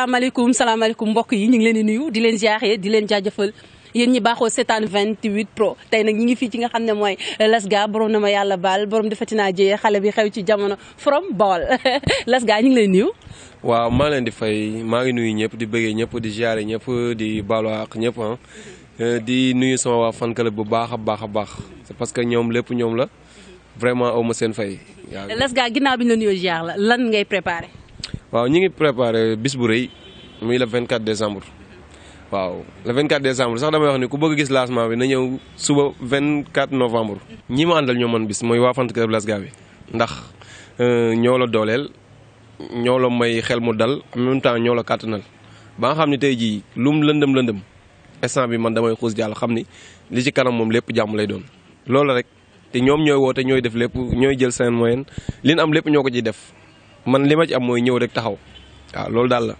salaamaaleykum salaamaaleykum mbokk yi ñu ngi leen di nuyu di leen ziare di leen jaajëfal yéen ñi baaxoo seetaan 28 pro tey nag ñi ngi fii ci nga xam ne mooy euh, Lasga borom na ma yàlla baal borom defati naa xale bi xew ci jamono from Baol Lasga ñu ngi leen nuyu. waaw maa leen di fay maa ngi nuyu ñëpp di bëggee ñëpp di ziare ñëpp di baalu àq ñëpp ah euh, di nuyu sama waa fan bu baax a baax a baax parce que ñoom lépp ñoom la vraiment aw ma seen fay. lan ngay préparé. waaw ñi ngi préparé bis bu rëy muy le 24 décembre waaw le 24 décembre sax damay wax ni ku bëgg gis lancement bi na ñëw suba 24 novembre. ñi ma àndal ñoo man bis mooy waa Fanta Club gaa Gaby ndax euh, ñoo la dooleel ñoo la may xel mu dal en même temps ñoo la kàttanal ba xam ne tey jii lu lum lëndëm lëndëm instant bi man damay xuus jàll xam ni li ci kanam moom lépp jàmm lay doon. loolu rek te ñoom ñooy woote ñooy def lépp ñooy jël seen moyen li am lépp ñoo ko ciy def. man li ma ci am mooy ñëw rek taxaw waaw loolu daal la.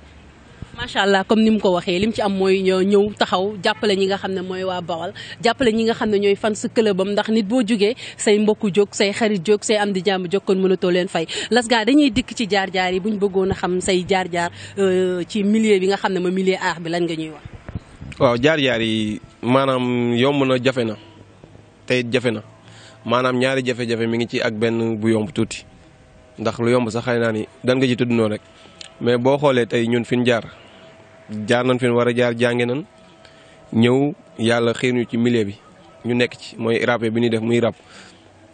macha allah comme ni mu ko waxee li lim ci am mooy ñëw taxaw jàppale ñi nga xam ne mooy waa Bawal jàppale ñi nga xam ne ñooy fan su këlëbam ndax nit boo jógee say mbokk jóg say xarit jóg say am di jàmm jóg kon mënatoo leen fay las gaa dañuy dikk ci jaar-jaar yi bu ñu bëggoon a xam say jaar-jaar euh, ci milieu bi nga xam ne ma milieu art bi lan nga ñuy wax. waaw jaar-jaar yi maanaam yomb na jafe na tey jafe na maanaam ñaari jafe mi ngi ci ak benn bu yomb tuuti. ndax lu yomb sa xëy naa ni dan nga ci tudd noonu rek mais boo xoolee tey ñun fi ñu jaar jaar nañ fi ñu war a jaar jànge nañ ñëw yàlla xëy ñu ci millier bi ñu nekk ci mooy rap bi ñuy def muy rap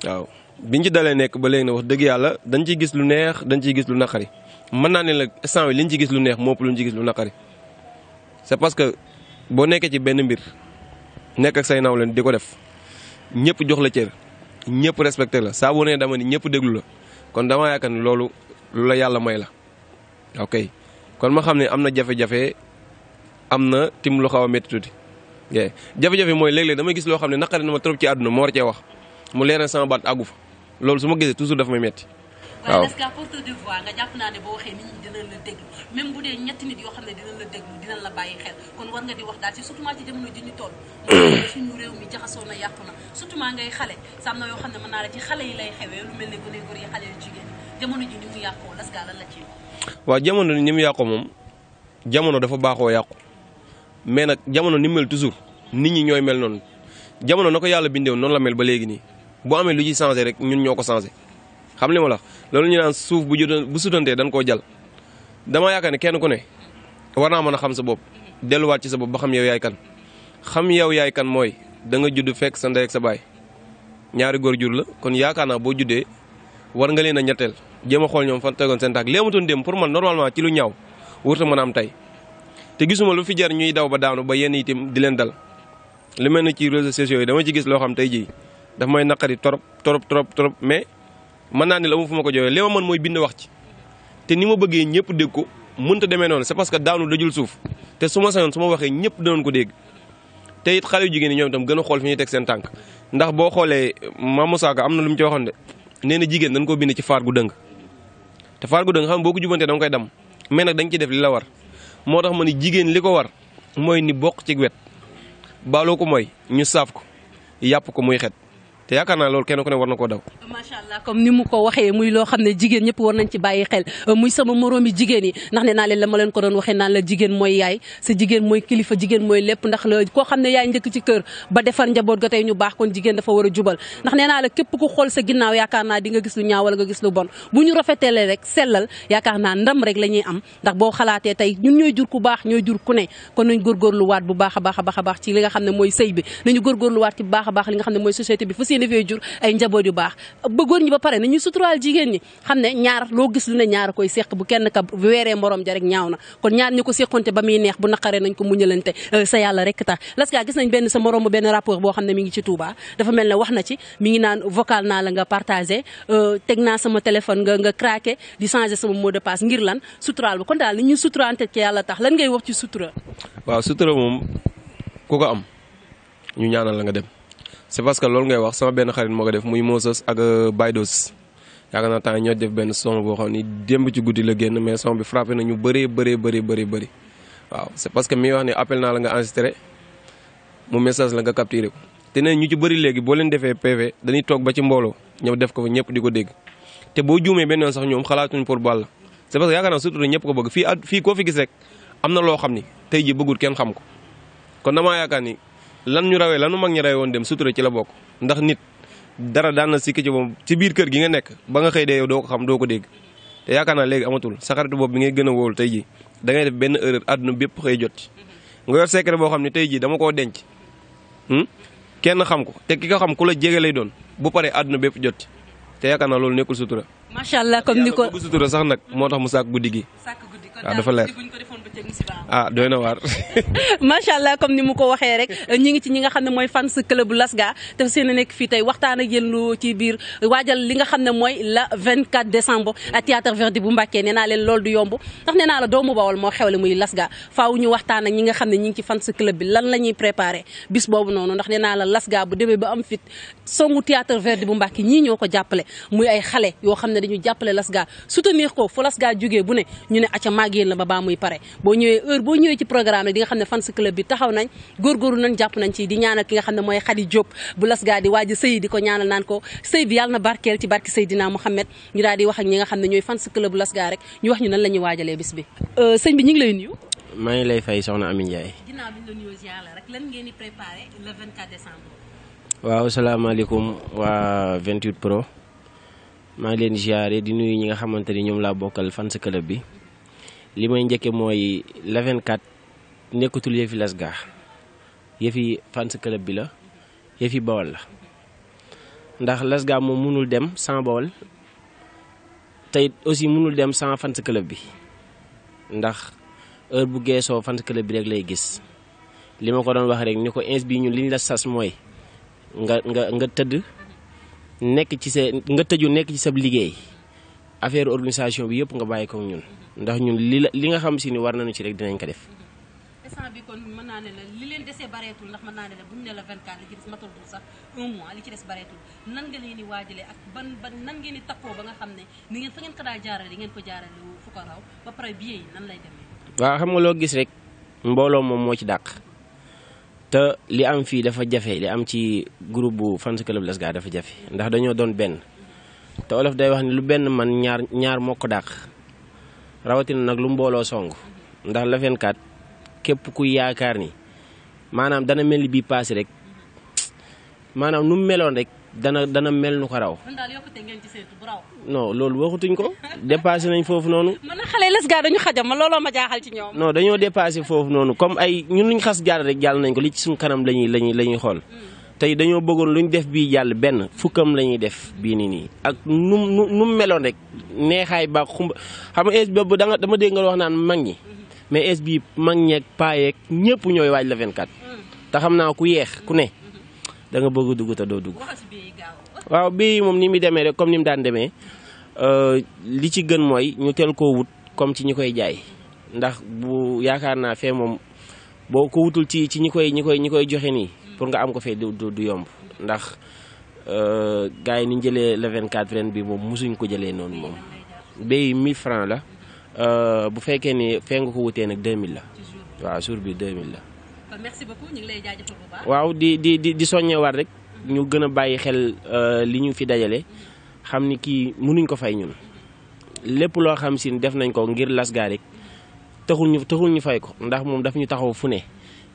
waaw. biñ ci dalee nekk ba léegi na dëgg yàlla dañ ciy gis lu neex dañ ciy gis lu naqari mën naa ne la instant liñ ci gis lu neex moo ëpp luñ ci gis lu naqari c'est parce que boo nekkee ci benn mbir nekk ak say nawleen di ko def ñëpp jox la cër ñëpp respecté la saa boo nee dama ni ñëpp déglu la. kon dama yaakaar ni loolu lu la yàlla may la ok kon ma xam ne am na jafe-jafe am na tim lu xaw a métti tuuti jafe-jafe mooy léeg-léeg damay gis loo xam ne naqari na ma trop ci àdduna moo war wax mu leer na sama baat àggu fa loolu su ma gisee toujours dafa may métti waaye est-ce ñu mu yàqoo waaw jamono ni mu yàqoo moom jamono dafa baaxoo yàqu mais nag jamono ni mel toujours nit ñi ñooy mel noonu jamono na ko yàlla bindee noonu la mel ba léegi nii bu amee lu ci changé rek ñun ñoo ko changé xam li ma la loolu ñu naan suuf bu jotoon bu sutantee dañ koo jal dama yaakaar ne kenn ku ne war naa mën a xam sa bopp delluwaat ci sa bopp ba xam yow yaay kan xam yow yaay kan mooy danga juddu fekk sa ndey ak sa baay ñaari góor jur la kon yaakaar naa boo juddee war nga leen a ñetteel jëm a xool ñoom fan tegoon seen tànk léematoon dem pour man normalement ci lu ñaaw wurta mën a am tey te gisuma lu fi jar ñuy daw ba daanu ba yenn itam di leen dal lu mel ni ci réseaux sociaux yi dama ci gis loo xam tey jii daf may naqari torop torop torop torop mais mën naa ne la amu fu ma ko joxee li ma mën mooy bind wax ci te ni ma bëggee ñëpp dégg ko mënta deme noonu c'est parce que daanu dajul suuf te su ma sañoon su ma waxee ñëpp danoon ko dégg te it xale yu jigéen ñi ñoom itam gën a xool fi ñuy teg seen tànk ndax boo xoolee ma Musaaka am na lu mu ci waxoon de nee na jigéen dañ koo bind ci faar gu dëng te faar gu dëng xam boo ko jubantee da nga koy dam mais nag dañ nga ciy def li la war moo tax ma ni jigéen li ko war mooy ni bokk ci wet baaloo ko mooy ñu saaf ko yàpp ko muy xet te yaakaar naa loolu kenn ku ne war na koo daw. macha allah comme ni mu ko waxee muy loo xam ne jigéen ñëpp war nañ ci bàyyi xel muy sama moroomi jigéen yi ndax ne naa leen la ma leen ko doon waxee naan la jigéen mooy yaay sa jigéen mooy kilifa jigéen mooy lépp ndax la koo xam ne yaay njëkk ci kër ba defar njaboot ga tey ñu baax kon jigéen dafa war a jubal ndax nee naa la képp ku xool sa ginnaaw yaakaar naa di nga gis lu ñaaw wala nga gis lu bon bu ñu rafetelee rek sellal yaakaar naa ndam rek la ñuy am ndax boo xalaatee tey ñun ñooy jur ku baax ñooy jur ku ne kon nañ góorgóorluwaat bu baax a baax a baax ci li nga xam ne mooy sëy bi nañu góorgóorluwaat ci baax a baax li nga xam ne mooy société bi yéene fee jur ay njaboot yu baax ñi ba pare na ñu suturaal jigéen ñi xam ne ñaar loo gis lu ne ñaar koy seq bu kenn ka weeree morom ja rek ñaaw na kon ñaar ñi ko seqonte ba muy neex bu naqaree nañ ko muñalante euh, sa yàlla rek tax las kaa gis nañ benn sa morom benn rapport boo xam ne mi ngi ci Touba dafa mel ne wax na ci mi ngi naan vocal naa la nga partagé euh, naa sama téléphone nga nga craqué di changé sama mot de passe ngir lan suturaal ba kon daal ni ñu suturaante ci yàlla tax lan ngay wax ci sutura waaw sutura moom ku ko am ñu ñaanal la nga dem c'est parce que loolu ngay wax sama benn xarit moo ko def muy Moses ak euh, Baydos yaakaar temps ñoo def benn son boo xam ni démb ci guddi la génn mais son bi frappé na ñu bëree bëree bëri bëri bëri waaw c'est parce que mi wax ni appel naa la nga enregistré mu message la nga capturé ko te ne ñu ci bëri léegi boo leen defee PV dañuy toog ba ci mbooloo ñëw def ko fa ñëpp di ko dégg te boo juumee benn sax ñoom xalaatuñ pour ball c'est parce que yaakaar ñëpp ko bëgg fii fii koo fi gis rek am na loo xam ni tey ji bëggul kenn xam ko lan ñu rawee lanu mag ñi rawee woon dem sutura ci la bokk ndax nit dara daan na sikki ci moom ci biir kër gi nga nekk ba nga xëy dee doo ko xam doo ko dégg te naa léegi amatul sa boobu bi ngay gën a wóolu tey ji da ngay benn erreur àdduna bépp xëy jot ci nga boo xam ne tey jii dama koo denc hmm? kenn xam ko te ki ko xam ku la jege lay doon bu paree àdduna bépp jot ci te yaakaar naa loolu nekkul sutura macha allah comme ni ko sutura sax nag moo tax mu sàkk guddi gi waaw dafa leer ah doy na macha allah comme ni mu ko waxee rek ñi ngi ci ñi nga xam ne mooy fans club Lasga te seen nekk fii tey waxtaan ak yéen ci biir waajal li nga xam ne mooy la 24 décembre à théâtre Verdi bu Mbàkkee ne naa leen loolu du yomb ndax ne naa la doomu Bawol moo xewle muy Lasga faaw ñu waxtaan ak ñi nga xam ne ñi ngi ci fans club bi lan la ñuy préparé bis boobu noonu ndax nee naa la Lasga bu demee ba am fit songu théâtre Verdi bu Mbàkke ñii ñoo ko jàppale muy ay xale yoo xam ne dañu jàppale Lasga soutenir ko fu Lasga jógee bu ne ñu ne aca maag la ba baa muy pare boo ñëwee heure boo ñëwee ci programme di nga xam ne fans club bi taxaw nañ góorgóorlu nañ jàpp nañ ci di ñaanal ki nga xam ne mooy Khady Diop bu lasgaa di waaji sëy di ko ñaanal naan ko sëy bi yàlla na barkeel ci barki Seydina Mouhamed ñu daal di wax ak ñi nga xam ne ñooy fans club bu lasgaa rek ñu wax ñu nan la ñuy waajalee bis bi euh, sëñ bi ñu ngi lay nuyu maa ngi lay fay soxna Amine Ndiaye. ginnaaw bi ñu la nuyoo la rek lan waaw salaamaaleykum waa 28 pro maa ngi leen di ziare di nuyu ñi nga xamante ni ñoom laa bokkal fans club bi li may njëkkee mooy la 24 nekkatul yëfi Lasgar yëfi fans club bi la yëfi Bawol la ndax las Lasgar moom mënul dem sans Bawol tey aussi mënul dem sans fans club bi ndax heure bu geesoo fans club bi rek lay gis li ma ko doon wax rek ni ko ins bi ñu li ñu la sas mooy nga nga nga tëdd nekk ci sa nga tëju nekk ci sa liggéey affaire organisation bi yëpp nga bàyyi ko ñun ndax ñun li la li nga xam si ni war nañu ci rek dinañ ko def. instant bi kon mën naa ne la li leen desee bareetul ndax mën naa ne la buñ ne la bareetul nan nga leen di xam nga loo gis rek mbooloo moom moo ci dàq te li am fii dafa jafe li am ci groupe bu fans club Lasga dafa jafe ndax dañoo doon benn. te olof day wax ni lu benn man ñaar ñaar moo ko rawatina nag lu mbooloo song ndax Lafenkaat képp ku yaakaar ni maanaam dana mel ni bii paase rek maanaam nu mu meloon rek dana dana mel nu ko raw. non loolu waxutuñ ko dépassé nañ foofu noonu. man xale les gars dañu xajam ma looloo ma jaaxal ci ñoom. non dañoo dépassé foofu noonu comme ay ñun luñ xas jaar rek jàll nañ ko li ci suñu kanam lañuy lañuy lañuy xool. Hmm. tey dañoo bëggoon lu ñu def bii jàll benn fukkam la ñuy def bii nii nii ak nu mu nu meloon rek neexaay baa xumba xam nga es da dama dégg nga wax naan mag ñi mais es bii mag ñeeg paayeeg ñëpp ñooy waaj la 24. Mm. te xam naa ku yeex ku ne danga bëgg dugg te doo dugg. waaw bii moom ni muy demee rek comme ni mu daan demee euh, li ci gën mooy ñu teel koo wut comme ci ñi koy jaay ndax bu yaakaar naa fee moom boo ko wutul ci ci ñi koy ñi koy ñi koy joxe nii. pour nga am ko fee du du yomb ndax euh, gars yi ni ñu jëlee le 24 ren bi moom mosuñ ko jëlee noonu moom bay 1000 francs la euh, bu fekkee ne fee nga ko wutee nag 2000 la waaw jour bi 2000 la. waaw di di di di soññewaat rek ñu gën a bàyyi xel euh, li ñu fi dajale xam ni kii mënuñ ko fay ñun lépp loo xam si def nañ ko ngir lasgaa rek taxul ñu taxul ñu fay ko ndax moom daf ñu taxaw fu ne.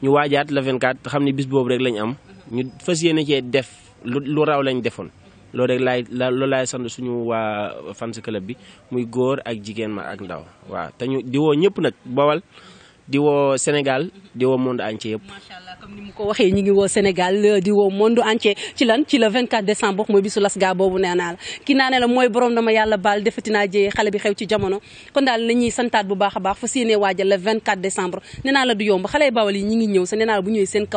ñu waajaat le 24 xam ne bis boobu rek lañ am ñu fas yéene cee def lu lu raw lañ defoon lool rek laay la loolu laay sant suñu waa fans club bi muy góor ak jigéen ma ak ndaw waaw te ñu di woo nag bawal di woo Sénégal di woo monde entier ñu ngi woo Sénégal di woo monde entier ci lan ci le décembre mooy bisu lasga boobu nee la ki naa mooy borom a la du yomb xale yu bawal yi ñi ngi ñëw sa nee naa la bu ñëwee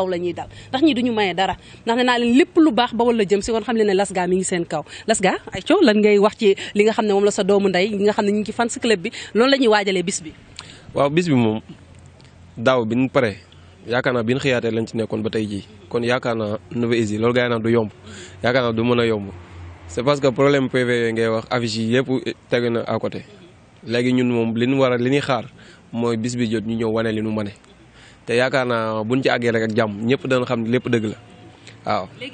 baax bawal la jëm si kon xam leen ne lasga mi ngi seen kaw lasga ay coow lan ngay wax ci li nga xam ne moom la sa doomu ndey li nga xam ne ñu ngi ci club bi loolu la ñuy waajalee bi waaw bis bi moom daaw bi ñu pare yaakaar naa bi ñu xiyaatee lañ ci nekkoon ba tey jii kon yaakaar naa Nouvelle Isi loolu gars yi naan du yomb yaakaar naa du mën a yomb c'est parce que problème PV yooyu ngay wax affiche yi yëpp tegu na à côté léegi ñun moom li nu war a li ñuy xaar mooy bis bi jot ñu ñëw wane li ñu mën te yaakaar naa buñ ci àggee rek ak jàmm ñëpp dana xam ne lépp dëgg la waaw. xam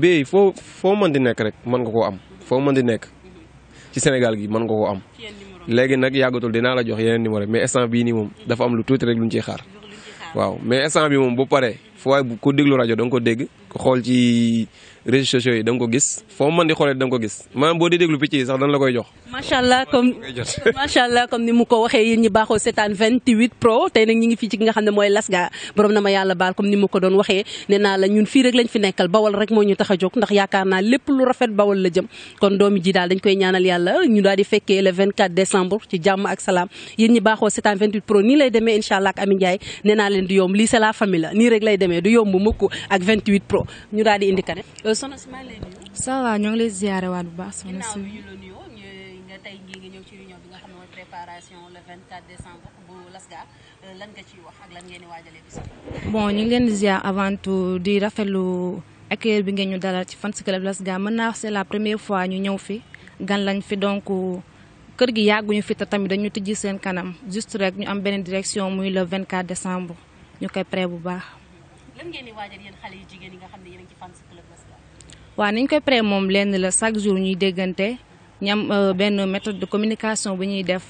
ne ah, foo foo mën di nekk rek mën nga koo am foo mën di nekk ci Sénégal gi mën nga koo am léegi nag yàggatul dinaa la jox yeneen numéro mais instant bii ni moom dafa am lu tuuti rek luñ ciy xaar waaw mais instant bi moom bu pare foo waaye ko déglu rajo da ko dégg ko xool ci réseaux sociaux yi da ko gis foo mën di xoolee da ko gis maanaam boo dee déglu picc sax dañ la koy jox. ma a salaam yéen ñi baaxoo seetaan 28 pro nii lay demee incha allah ak Ami Ndiaye leen di yomb lii c'est la famille la nii rek demee du yomb mukk ak 28 pro ñu daal di indi kane. Euh, soxna si maa ngi lay nuyu. ñoo ngi lay ziyaarewaat bu baax. soxna si ñu la nuyoo nga tey jii nga ñëw ci réunion bu Lasga euh, bon ñu ngi leen di ziar avant tout di rafetlu accueil bi ngeen ñu dalal ci fans club Lasga mën naa c'est la première fois ñu ñëw fi gan lañ fi donc. kër gi yàgguñu fi te tamit dañu tijji seen kanam juste rek ñu am beneen direction muy le 24 décembre ñu koy prêt bu baax. lan ngeen waaw nañ koy pré moom lenn la chaque jour ñuy déggante ñam euh, benn méthode de communication bu ñuy def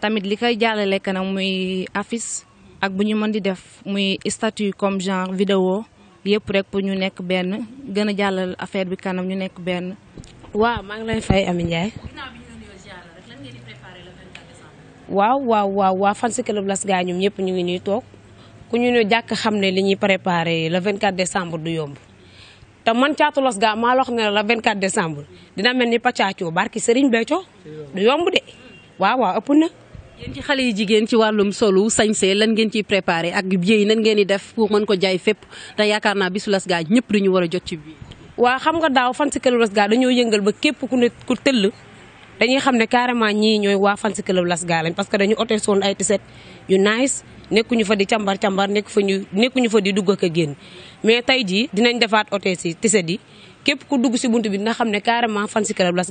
tamit li koy jàllale kanam muy affiche ak bu ñu mën di def muy statut comme genre vidéo yëpp rek pour ñu nekk benn gën a jàllal affaire bi kanam ñu nekk benn. waaw maa ngi lay fay Ami Ndiaye. waaw waaw waaw waa fan si club Las ñoom ñëpp ñu ngi ñuy toog. ku ñu ne jàkk xam ne li ñuy préparé le 24 décembre du yomb te man Thiatou Loss ga maa la xam la le 24 décembre dina mel ni Pacaacoo barki Serigne Béthio du yomb de waaw waaw ëpp na. yéen ci xale yi jigéen ci wàllum solu sañsee lan ngeen ci préparé ak biir yi nan ngeen di def pour man ko jaay fépp te yaakaar naa bisu Loss ga ñëpp dañu war a jot ci biir. waaw xam nga daaw fan si kër Loss ga dañoo yëngal ba képp ku ne ku tëll. dañuy xam ne carrément ñii ñooy waa fan si club Las Galle parce que dañu ote soon ay tiset yu nice nekkuñu fa di cambar cambar nekk fa ñu nekkuñu fa di dugg ak a génn mais tey jii dinañ defaat ote si tiset yi képp ku dugg si bunt bi dina xam ne carrément fan club Las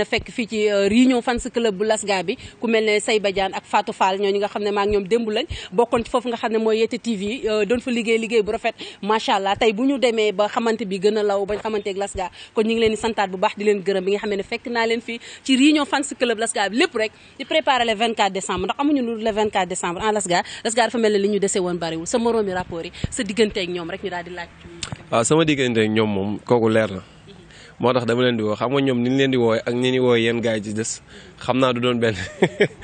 a fekk fii ci euh, réunion fans club ne Sey Badiane ak Fatou Fall ñooñu nga xam ne maa ngi ñoom démb lañ bokkoon ci foofu nga xam ne mooy Yette TV euh, doon fa liggéey liggéey bu rafet macha ba xamante bi a law ba xamanteeg Las Gaañ kon ñu ngi leen di santaat rek ñoom bi daal di laaj. waaw sama diggante ak ñoom moom kooku leer na moo tax dama leen di woo xam nga ñoom ni leen di wooyee ak ni ñu wooyee yenn gars yi des xam naa du doon benn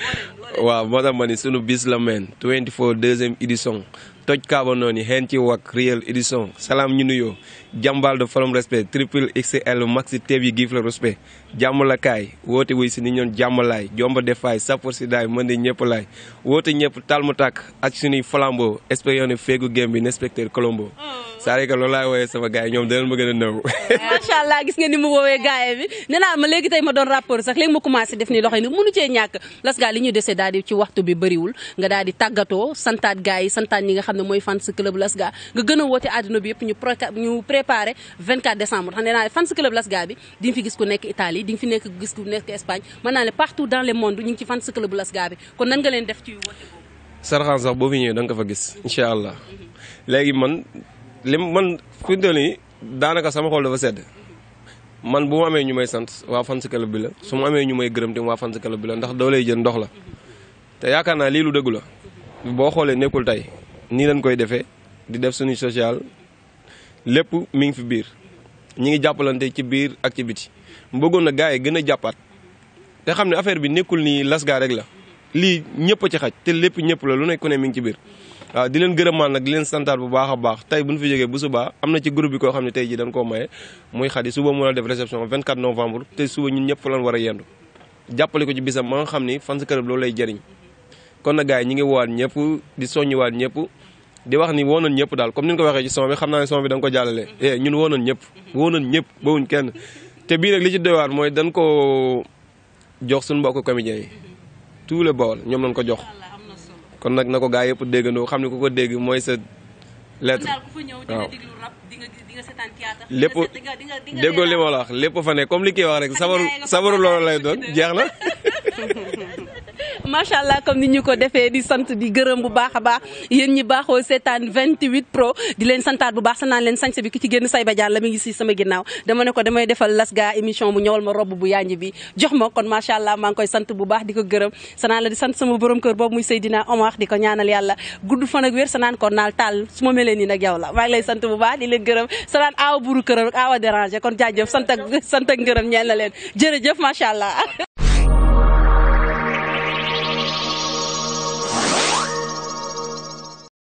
waaw moo tax ma ni sunu bis la meen 24 deuxième édition toj kaaba noonu xeen ci wak réel édition salaam ñu nuyoo jàmbaal de forum respect triple XL maxi teeb yi giif la respect jàmm la kaay woote wuy si ni ñoon jàmm laay jomba defaay sapor si daay mën di ñëpp laay woote ñëpp talmu tàkk ak suñuy flambeau espérion ne feegu gém bi inspecteur Colombo oh. saare ka loolu wooyee sama gars yi ñoom danañ ma gën a nëw macha allah gis nga ni mu woowee gars bi nee naa xam fan mooy fans club Lasga nga gën a woote àdduna bi yëpp ñu ñu préparé 24 décembre xam ne naa fans club Lasga bi di nga fi gis ku nekk Italie di nga fi nekk gis ku nekk Espagne mën naa ne partout dans le monde ñu ngi ci fans bi kon nan nga leen def ci sax boo fi ñëwee da ko fa gis incha allah léegi man li man fi nii daanaka sama xol dafa sedd man bu mu amee ñu may sant waa fan fans club bi la su mu amee ñu may gërëm tamit waa fans club bi la ndax doo lay jël ndox la te yaakaar naa lii lu dëgg la boo xoolee nekkul tey nii lañ koy defee di def suñu social lépp mu ngi fi biir ñi ngi tey ci biir ak ci biti bëggoon na gars yi gën a jàppaat te xam ne affaire bi nekkul nii lasgaa rek la lii ñëpp a ci xaj te lépp ñëpp la lu nekk ku ne mi ngi ci biir waaw di leen gërëmaan nag di leen santaat bu baax a baax tey bu ñu fi jógee bu subaa am na ci groupe bi koo xam ne tey ji dañ koo maye muy xadi suba mu la def réception 24 novembre te suba ñun ñëpp fa lan war a yendu jàppale ko ci bisam ma nga xam ni fan sa kërëb loolu lay jëriñ kon na yi ñi ngi woowaat ñëpp di soññiwaat ñëpp di wax ni woonoon ñëpp daal comme ni nga ko waxee ci son bi xam naa ne ko jàllale eh, ñun woonoon ñëpp woonoon ñëpp bawuñ kenn te bii rek li ci doywaat mooy dañ ko jox suñu mbokk comédiens yi le Bawol ñoom lañ ko jox kon nag na ko gaa yëpp déggandoo xam ne ko ko dégg mooy sa lettre waaw lépp déggoo li ma la wax fa ne comme li kii wax rek sabaru sabaru loolu lay doon jeex na macha allah comme ni ñu ko defee di sant di gërëm bu baax a baax yéen ñi baaxoo seetaan 28 pro di leen santaat bu baax sa naan leen sañse bi ki ci génn say bajaan la mi ngi si sama ginnaaw dama ne ko damay defal lasga émission bu ñëwal ma robb bu bi jox ma kon macha allah maa ngi koy sant bu baax di ko gërëm sanaan la sama borom kër boobu muy Seydina Omar di ko ñaanal yàlla gudd fan ak wér sanaan ko naal taal su ma melee ni nag yow la maa ngi sant bu baax di leen gërëm sanaan aawa buru kon jaajëf sant ak sant ak ngërëm ñeel na leen jërëjëf macha allah